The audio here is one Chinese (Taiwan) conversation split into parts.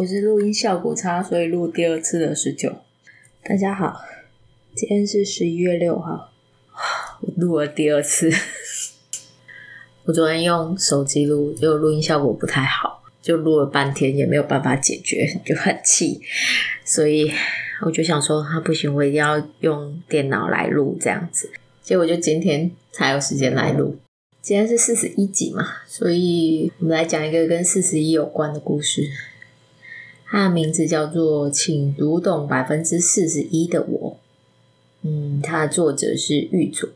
我是錄音效果差，所以錄第二次的十九。大家好，今天是十一月六號，我錄了第二次。 我昨天用手機錄，結果錄音效果不太好，就錄了半天也沒有辦法解決，就很氣。所以我就想說，啊，不行，我一定要用電腦來錄這樣子。結果就今天才有時間來錄。今天是四十一集嘛，所以我們來講一個跟四十一有關的故事。他的名字叫做《請讀懂百分之四十一的我》，嗯，他的作者是御佐。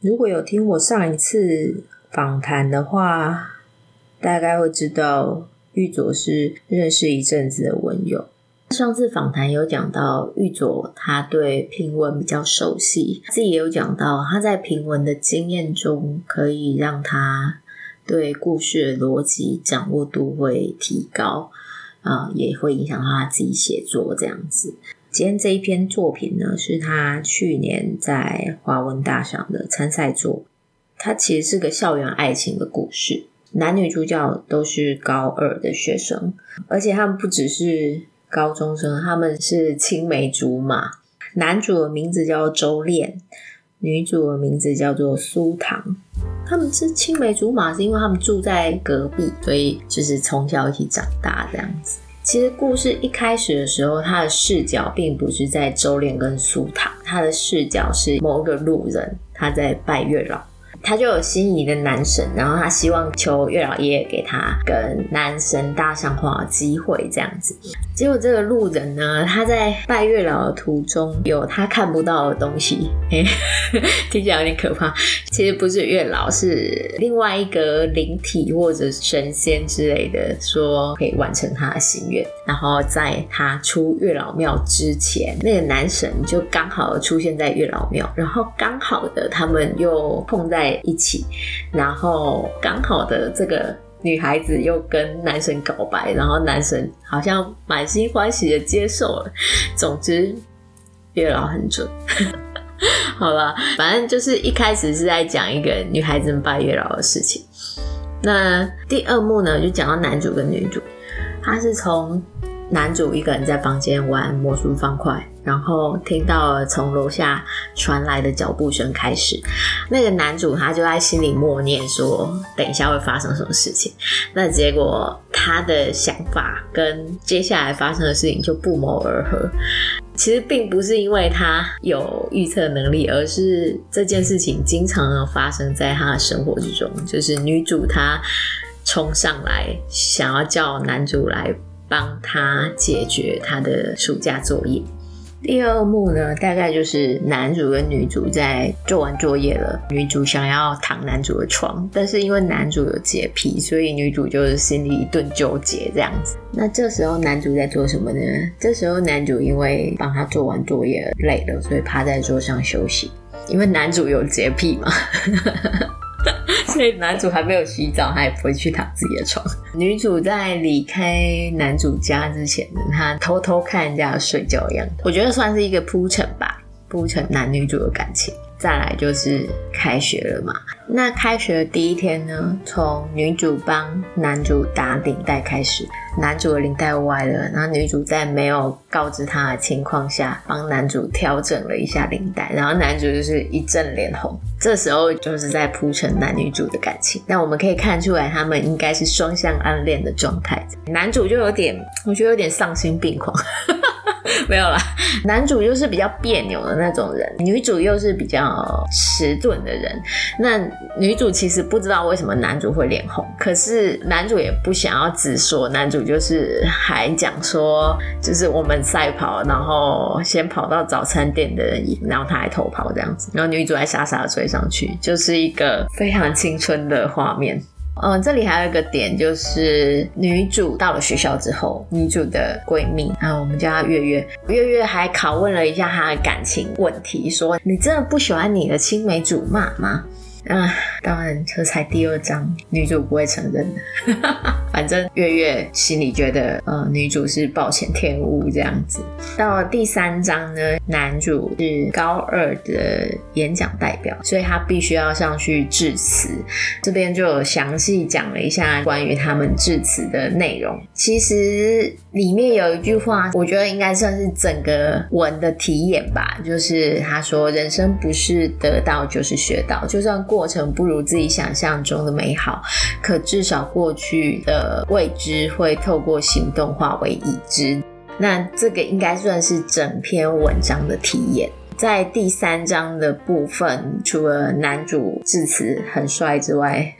如果有聽我上一次訪談的話，大概會知道御佐是認識一陣子的文友。上次訪談有講到御佐，他對評文比較熟悉，他自己也有講到他在評文的經驗中，可以讓他對故事的邏輯掌握度會提高。啊、哦，也會影響到他自己寫作這樣子。今天這一篇作品呢，是他去年在華文大賞的參賽作。他其實是個校園愛情的故事，男女主角都是高二的學生，而且他們不只是高中生，他們是青梅竹馬。男主的名字叫周瀲。女主的名字叫做蘇瑭，他們是青梅竹馬，是因為他們住在隔壁，所以就是從小一起長大這樣子。其實故事一開始的時候，他的視角並不是在周瀲跟蘇瑭，他的視角是某一個路人，他在拜月老。他就有心儀的男神，然後他希望求月老爺爺給他跟男神搭上話的機會，這樣子。結果這個路人呢，他在拜月老的途中有他看不到的東西，哎，聽起來有點可怕。其實不是月老，是另外一個靈體或者神仙之類的，說可以完成他的心願。然後在他出月老廟之前，那個男神就剛好出現在月老廟，然後剛好的他們又碰在。在一起，然後剛好的這個女孩子又跟男生告白，然後男生好像滿心歡喜的接受了。總之，月老很準。 好了，反正就是一開始是在講一個女孩子拜月老的事情。那第二幕呢，就講到男主跟女主，他是從男主一個人在房間玩魔術方塊。然後聽到了從樓下傳來的腳步聲，開始，那個男主他就在心裡默念說：“等一下會發生什麼事情。”那結果他的想法跟接下來發生的事情就不謀而合。其實並不是因為他有預測能力，而是這件事情經常發生在他的生活之中。就是女主她衝上來，想要叫男主來幫她解決她的暑假作業。第二幕呢，大概就是男主跟女主在做完作業了。女主想要躺男主的床，但是因為男主有潔癖，所以女主就是心裡一頓糾結這樣子。那這時候男主在做什麼呢？這時候男主因為幫他做完作業累了，所以趴在桌上休息。因為男主有潔癖嘛。 所以男主還沒有洗澡，他也不會去躺自己的床。女主在離開男主家之前呢，她偷偷看人家睡覺的樣子，我覺得算是一個鋪陳吧，鋪陳男女主的感情。下來就是開學了嘛，那開學的第一天呢，從女主幫男主打領帶開始，男主的領帶歪了，然後女主在沒有告知他的情況下，幫男主調整了一下領帶，然後男主就是一陣臉紅，這時候就是在鋪陳男女主的感情，那我們可以看出來，他們應該是雙向暗戀的狀態，男主就有點，我覺得有點喪心病狂。 沒有啦，男主又是比較彆扭的那種人，女主又是比較遲鈍的人。那女主其實不知道為什麼男主會臉紅，可是男主也不想要直說，男主就是還講說，就是我們賽跑，然後先跑到早餐店的人贏，然後他還偷跑這樣子，然後女主還傻傻的追上去，就是一個非常青春的畫面。嗯、哦，這裡還有一個點，就是女主到了學校之後，女主的閨蜜啊，我們叫她月月，月月還拷問了一下她的感情問題，說：“你真的不喜歡你的青梅竹馬嗎？”啊，當然，這才第二章，女主不會承認的。 反正月月心裡覺得，呃，女主是暴殄天物這樣子。到了第三章呢，男主是高二的演講代表，所以他必須要上去致辭。這邊就有詳細講了一下關於他們致辭的內容。其實裡面有一句話，我覺得應該算是整個文的題眼吧，就是他說：“人生不是得到就是學到，就算過。”過程不如自己想象中的美好，可至少過去的未知會透過行動化為已知。那這個應該算是整篇文章的體驗。在第三章的部分，除了男主致辭很帥之外，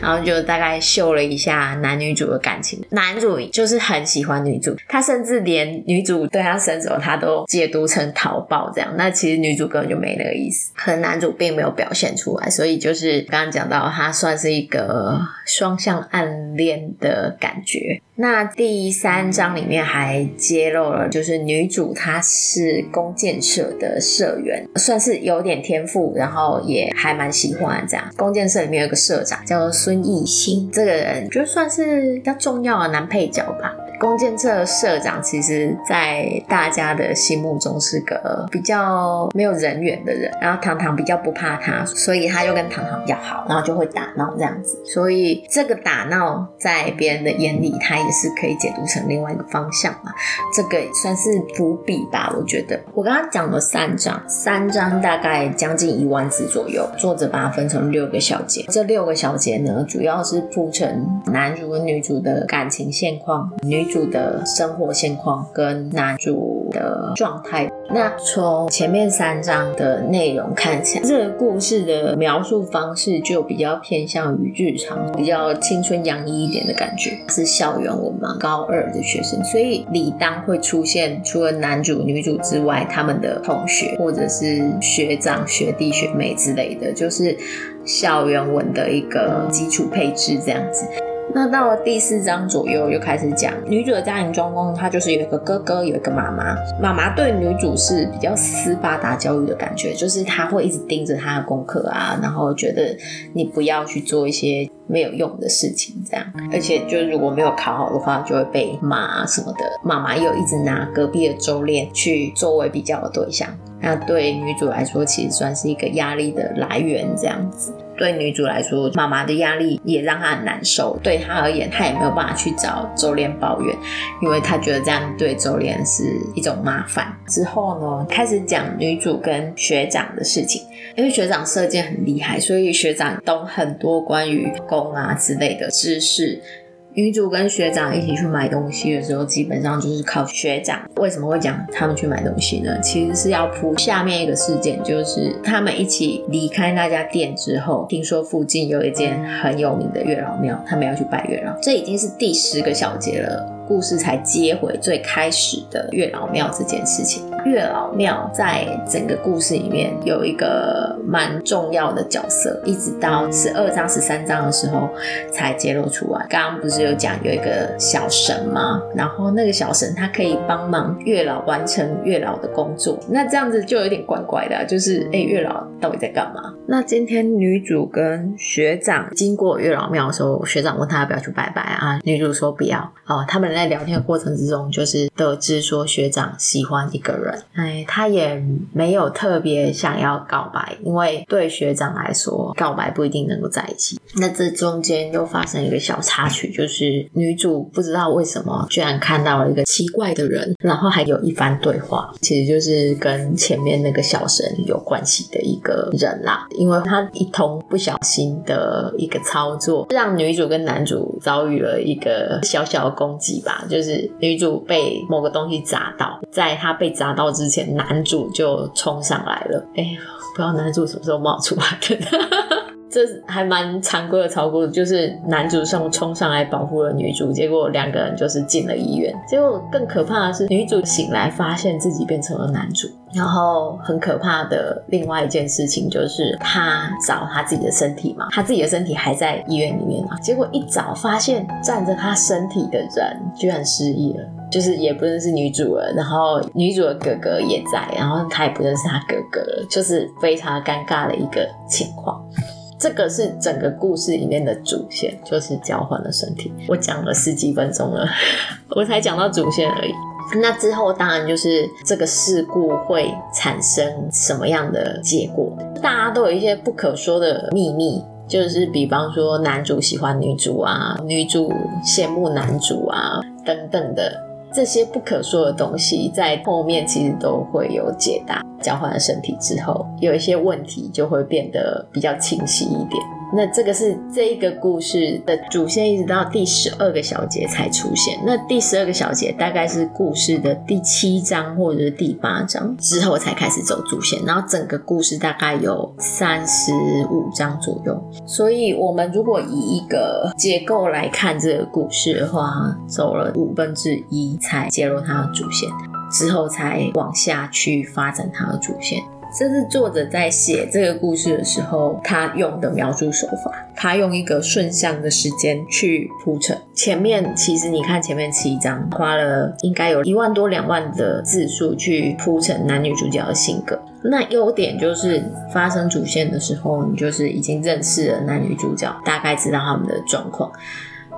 然後就大概秀了一下男女主的感情。男主就是很喜歡女主，他甚至連女主對他伸手，他都解讀成討抱這樣。那其實女主根本就沒那個意思，可男主並沒有表現出來，所以就是剛剛講到，他算是一個雙向暗戀的感覺。那第三章裡面還揭露了，就是女主她是弓箭社的。社員算是有點天賦，然後也還蠻喜歡這樣。弓箭社裡面有個社長叫孫藝興，這個人就算是比較重要的男配角吧。弓箭社社長其實，在大家的心目中是個比較沒有人緣的人，然後瑭瑭比較不怕他，所以他就跟瑭瑭比較好，然後就會打鬧這樣子。所以這個打鬧在別人的眼裡，他也是可以解讀成另外一個方向嘛。這個也算是伏筆吧，我覺得。我剛剛講了三章，三章大概將近一萬字左右，作者把它分成六個小節，這六個小節呢，主要是鋪陳男主跟女主的感情現況，女主主的生活現況跟男主的狀態，那從前面三章的內容看起來，這個故事的描述方式就比較偏向於日常，比較青春洋溢一點的感覺，是校園文嘛？高二的學生，所以理當會出現除了男主、女主之外，他們的同學或者是學長、學弟、學妹之類的，就是校園文的一個基礎配置，這樣子。那到了第四章左右，就開始講女主的家庭狀況。她就是有一個哥哥，有一個媽媽。媽媽對女主是比較斯巴達教育的感覺，就是她會一直盯着她的功課啊，然後覺得你不要去做一些。沒有用的事情，這樣，而且就如果沒有考好的話，就會被罵什麼的。媽媽又一直拿隔壁的周瀲去作為比較的對象，那對女主來說，其實算是一個壓力的來源。這樣子，對女主來說，媽媽的壓力也讓她很難受。對她而言，她也沒有辦法去找周瀲抱怨，因為她覺得這樣對周瀲是一種麻煩。之後呢，開始講女主跟學長的事情，因為學長射箭很厲害，所以學長懂很多關於啊之類的知識，女主跟學長一起去買東西的時候，基本上就是靠學長。為什麼會講他們去買東西呢？其實是要鋪下面一個事件，就是他們一起離開那家店之後，聽說附近有一間很有名的月老廟，他們要去拜月老。這已經是第十個小節了。故事才接回最開始的月老廟這件事情。月老廟在整個故事裡面有一個蠻重要的角色，一直到十二章、十三章的時候才揭露出來。剛剛不是有講有一個小神嗎？然後那個小神他可以幫忙月老完成月老的工作，那這樣子就有點怪怪的啊，就是，誒、欸，月老到底在幹嘛？那今天女主跟學長經過月老廟的時候，學長問她要不要去拜拜啊？女主說不要。哦，他們在聊天的過程之中，就是得知說學長喜歡一個人，哎，他也沒有特別想要告白，因為對學長來說，告白不一定能夠在一起。那這中間又發生一個小插曲，就是女主不知道為什麼居然看到了一個奇怪的人，然後還有一番對話，其實就是跟前面那個小神有關係的一個人啦、啊。因為他一通不小心的一個操作，讓女主跟男主遭遇了一個小小的攻擊吧，就是女主被某個東西砸到，在她被砸到之前，男主就衝上來了。哎、欸，不知道男主什麼時候冒出來的。 這還蠻常規的，操作就是男主上衝上來保護了女主，結果兩個人就是進了醫院。結果更可怕的是，女主醒來發現自己變成了男主。然後很可怕的另外一件事情就是，他找他自己的身體嘛，他自己的身體還在醫院裡面嘛。結果一早發現站着他身體的人居然失憶了，就是也不認識女主了，然後女主的哥哥也在，然後他也不認識他哥哥了，就是非常尷尬的一個情況。這個是整個故事裡面的主線，就是交換了身體。我講了十幾分鐘了，我才講到主線而已。那之後當然就是這個事故會產生什麼樣的結果？大家都有一些不可說的秘密，就是比方說男主喜歡女主啊，女主羨慕男主啊，等等的。這些不可說的東西，在後面其實都會有解答。交換了身體之後，有一些問題就會變得比較清晰一點。那這個是這一個故事的主線，一直到第十二個小節才出現。那第十二個小節大概是故事的第七章或者是第八章之後才開始走主線，然後整個故事大概有三十五章左右。所以我們如果以一個結構來看這個故事的話，走了五分之一才揭露它的主線，之後才往下去發展它的主線。這是作者在寫這個故事的時候，他用的描述手法。他用一個順向的時間去鋪陳。前面其實你看前面七章，花了應該有一萬多兩萬的字數去鋪陳男女主角的性格。那優點就是發生主線的時候，你就是已經認識了男女主角，大概知道他們的狀況。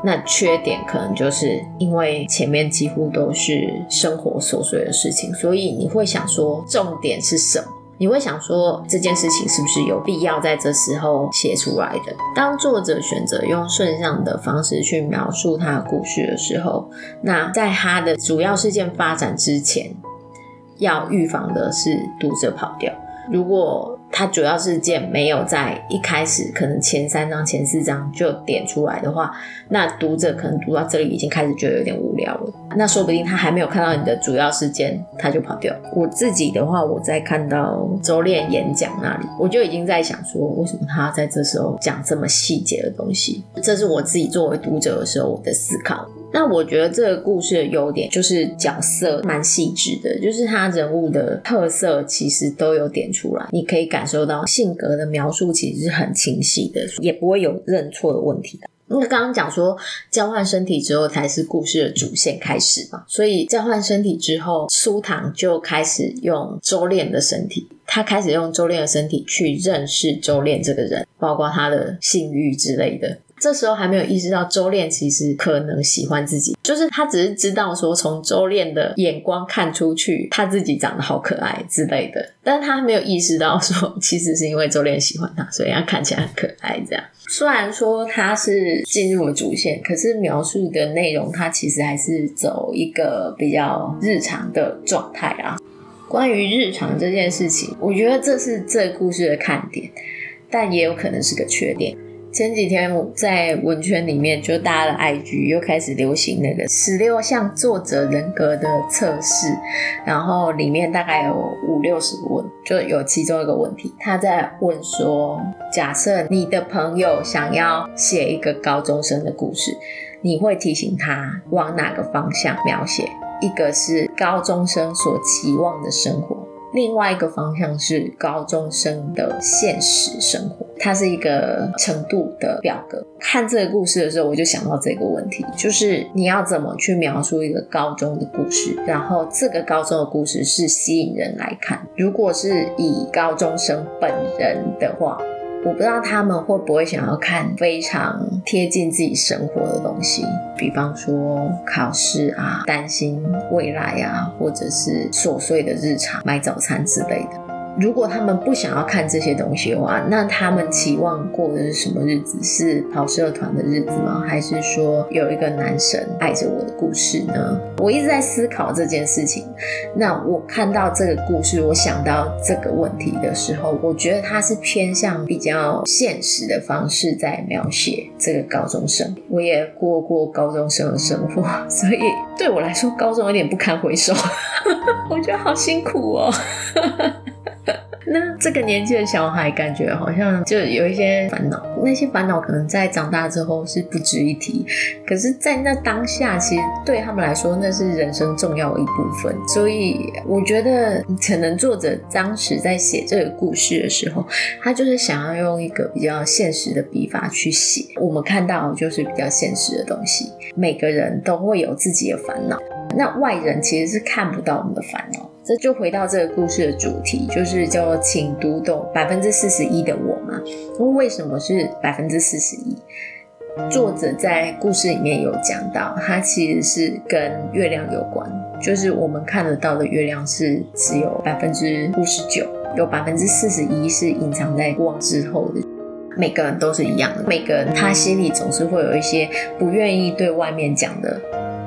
那缺點可能就是因為前面幾乎都是生活瑣碎的事情，所以你會想說重點是什麼？你會想說，這件事情是不是有必要在這時候寫出來的？當作者選擇用順向的方式去描述他的故事的時候，那在他的主要事件發展之前，要預防的是讀者跑掉。如果他主要事件沒有在一開始，可能前三章、前四章就點出來的話，那讀者可能讀到這裡已經開始覺得有點無聊了。那說不定他還沒有看到你的主要事件，他就跑掉。我自己的話，我在看到周瀲演講那裡，我就已經在想說，為什麼他在這時候講這麼細節的東西？這是我自己作為讀者的時候我的思考。那我覺得這個故事的優點就是角色蠻細緻的，就是他人物的特色其實都有點出來，你可以感受到性格的描述其實是很清晰的，也不會有認錯的問題的。因、嗯、剛剛講說交換身體之後才是故事的主線開始嘛，所以在換身體之後，蘇瑭就開始用周瀲的身體，他開始用周瀲的身體去認識周瀲這個人，包括他的性慾之類的。這時候還沒有意識到周瀲其實可能喜歡自己，就是他只是知道說從周瀲的眼光看出去，他自己長得好可愛之類的，但他沒有意識到說，其實是因為周瀲喜歡他，所以他看起來很可愛。這樣，雖然說他是進入了主線，可是描述的內容，他其實還是走一個比較日常的狀態啊。關於日常這件事情，我覺得這是這故事的看點，但也有可能是個缺點。前幾天我在文圈裡面就搭了 IG，又開始流行那個十六項作者人格的測試，然後裡面大概有五六十個問，就有其中一個問題，他在問說：假設你的朋友想要寫一個高中生的故事，你會提醒他往哪個方向描寫？一個是高中生所期望的生活，另外一個方向是高中生的現實生活，它是一個程度的表格。看這個故事的時候，我就想到這個問題，就是你要怎麼去描述一個高中的故事，然後這個高中的故事是吸引人來看。如果是以高中生本人的話。我不知道他們會不會想要看非常貼近自己生活的東西，比方說考試啊，擔心未來啊，或者是瑣碎的日常，買早餐之類的。如果他們不想要看這些東西的話，那他們期望過的是什麼日子？是跑社團的日子嗎？還是說有一個男神愛着我的故事呢？我一直在思考這件事情。那我看到這個故事，我想到這個問題的時候，我覺得他是偏向比較現實的方式在描寫這個高中生。我也過過高中生的生活，所以對我來說，高中有點不堪回首。 我覺得好辛苦哦。 那這個年紀的小孩，感覺好像就有一些煩惱，那些煩惱可能在長大之後是不值一提，可是，在那當下，其實對他們來說，那是人生重要的一部分。所以，我覺得可能作者當時在寫這個故事的時候，他就是想要用一個比較現實的筆法去寫。我們看到就是比較現實的東西，每個人都會有自己的煩惱，那外人其實是看不到我們的煩惱。這就回到這個故事的主題，就是叫做請讀懂百分之四十一的我嘛。那為什麼是百分之四十一？作者在故事裡面有講到，它其實是跟月亮有關。就是我們看得到的月亮是只有百分之五十九，有百分之四十一是隱藏在光之後的。每個人都是一樣的，每個人他心裡總是會有一些不願意對外面講的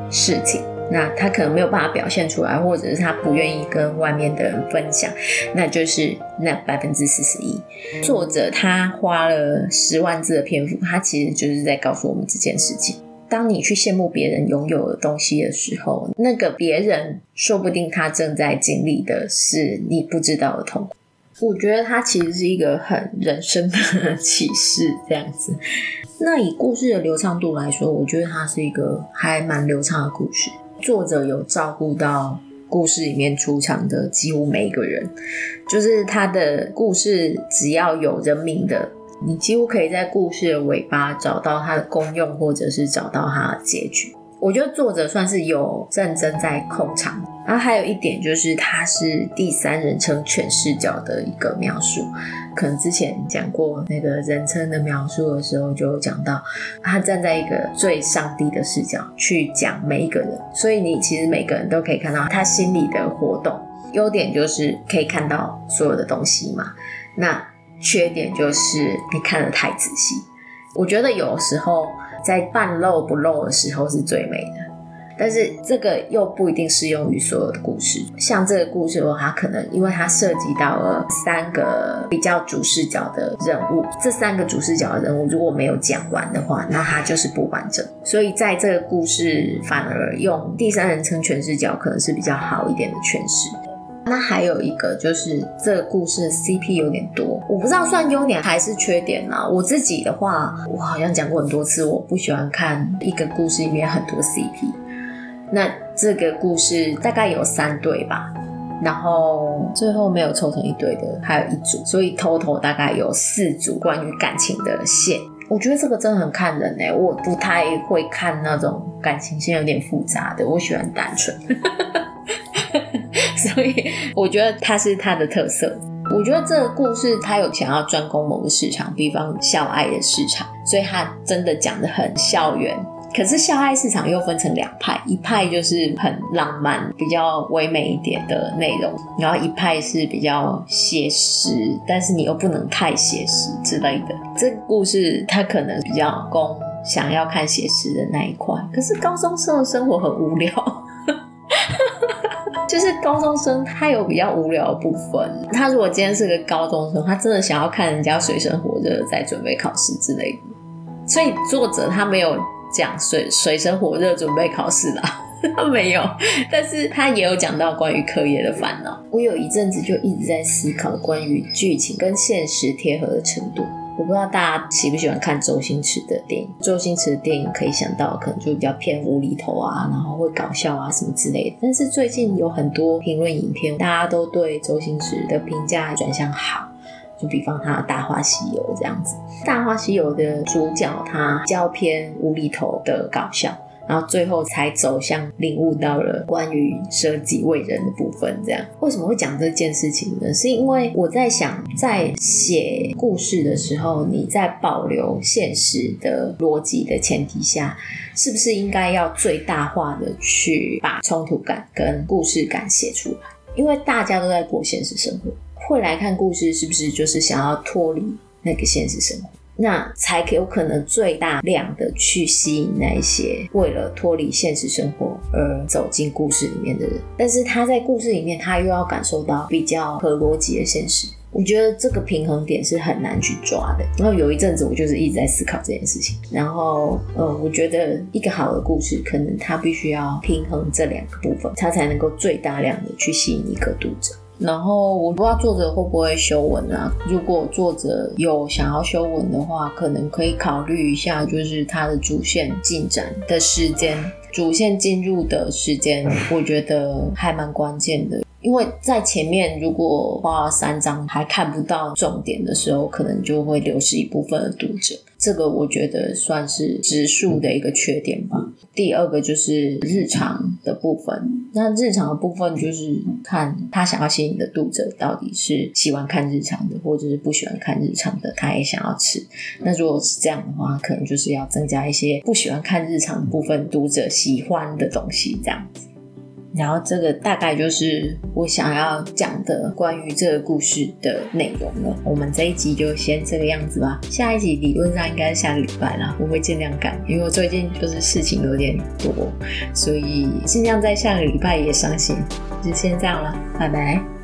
事情。那他可能沒有辦法表現出來，或者是他不願意跟外面的人分享，那就是那百分之四十一。作者他花了十萬字的篇幅，他其實就是在告訴我們這件事情：當你去羨慕別人擁有的東西的時候，那個別人說不定他正在經歷的是你不知道的痛苦。我覺得他其實是一個很人生般的啟示，這樣子。那以故事的流暢度來說，我覺得他是一個還蠻流暢的故事。作者有照顧到故事裡面出場的幾乎每一個人，就是他的故事只要有人名的，你幾乎可以在故事的尾巴找到他的功用，或者是找到他的結局。我覺得作者算是有戰爭在控場，然後還有一點就是他是第三人稱全視角的一個描述。可能之前講過那個人稱的描述的時候，就有講到他站在一個最上帝的視角去講每一個人，所以你其實每個人都可以看到他心裡的活動。優點就是可以看到所有的東西嘛，那缺點就是你看得太仔細。我覺得有時候。在半露不露的時候是最美的，但是這個又不一定適用於所有的故事。像這個故事的話，它可能因為它涉及到了三個比較主視角的人物，這三個主視角的人物如果沒有講完的話，那它就是不完整。所以在這個故事，反而用第三人稱全視角可能是比較好一點的詮釋。那還有一個就是，這個故事 CP 有點多，我不知道算優點還是缺點呢？我自己的話，我好像講過很多次，我不喜歡看一個故事裡面很多 CP。那這個故事大概有三對吧，然後最後沒有湊成一對的，還有一組，所以 total 大概有四組關於感情的線。我覺得這個真的很看人欸，我不太會看那種感情線有點複雜的，我喜歡單純。 所以我覺得它是它的特色。我覺得這個故事它有想要專攻某個市場，比方校愛的市場，所以它真的講得很校園。可是校愛市場又分成兩派，一派就是很浪漫、比較唯美一點的內容，然後一派是比較寫實，但是你又不能太寫實之類的。這個故事它可能比較攻想要看寫實的那一塊，可是高中生的生活很無聊。就是高中生，他有比較無聊的部分。他如果今天是個高中生，他真的想要看人家水深火熱在準備考試之類的。所以作者他沒有講水水深火熱準備考試啦， 他沒有。但是他也有講到關於課業的煩惱。我有一陣子就一直在思考關於劇情跟現實貼合的程度。我不知道大家喜不喜歡看周星馳的電影，周星馳的電影可以想到可能就比較偏無厘頭啊，然後會搞笑啊什麼之類的。但是最近有很多評論影片，大家都對周星馳的評價轉向好，就比方他《大話西遊》這樣子，《大話西遊》的主角他較偏無厘頭的搞笑。然後最後才走向領悟到了關於捨己為人的部分。這樣為什麼會講這件事情呢？是因為我在想，在寫故事的時候，你在保留現實的邏輯的前提下，是不是應該要最大化的去把衝突感跟故事感寫出來？因為大家都在過現實生活，會來看故事，是不是就是想要脫離那個現實生活？那才有可能最大量的去吸引那一些為了脫離現實生活而走進故事裡面的人，但是他在故事裡面，他又要感受到比較合邏輯的現實。我覺得這個平衡點是很難去抓的。然後有一陣子，我就是一直在思考這件事情。然後，嗯，我覺得一個好的故事，可能它必須要平衡這兩個部分，它才能夠最大量的去吸引一個讀者。然後我不知道作者會不會修文啊，如果作者有想要修文的話，可能可以考慮一下，就是他的主線進展的時間，主線進入的時間，我覺得還蠻關鍵的。因為在前面如果畫了三張還看不到重點的時候，可能就會流失一部分的讀者。這個我覺得算是直述的一個缺點吧。第二個就是日常的部分，那日常的部分就是看他想要吸引的讀者到底是喜歡看日常的，或者是不喜歡看日常的，他也想要吃。那如果是這樣的話，可能就是要增加一些不喜歡看日常的部分讀者喜歡的東西，這樣子。然後這個大概就是我想要講的關於這個故事的內容了。我們這一集就先這個樣子吧。下一集理論上應該是下個禮拜了，我會盡量趕，因為我最近就是事情有點多，所以盡量在下個禮拜也上線。就先這樣了，拜拜。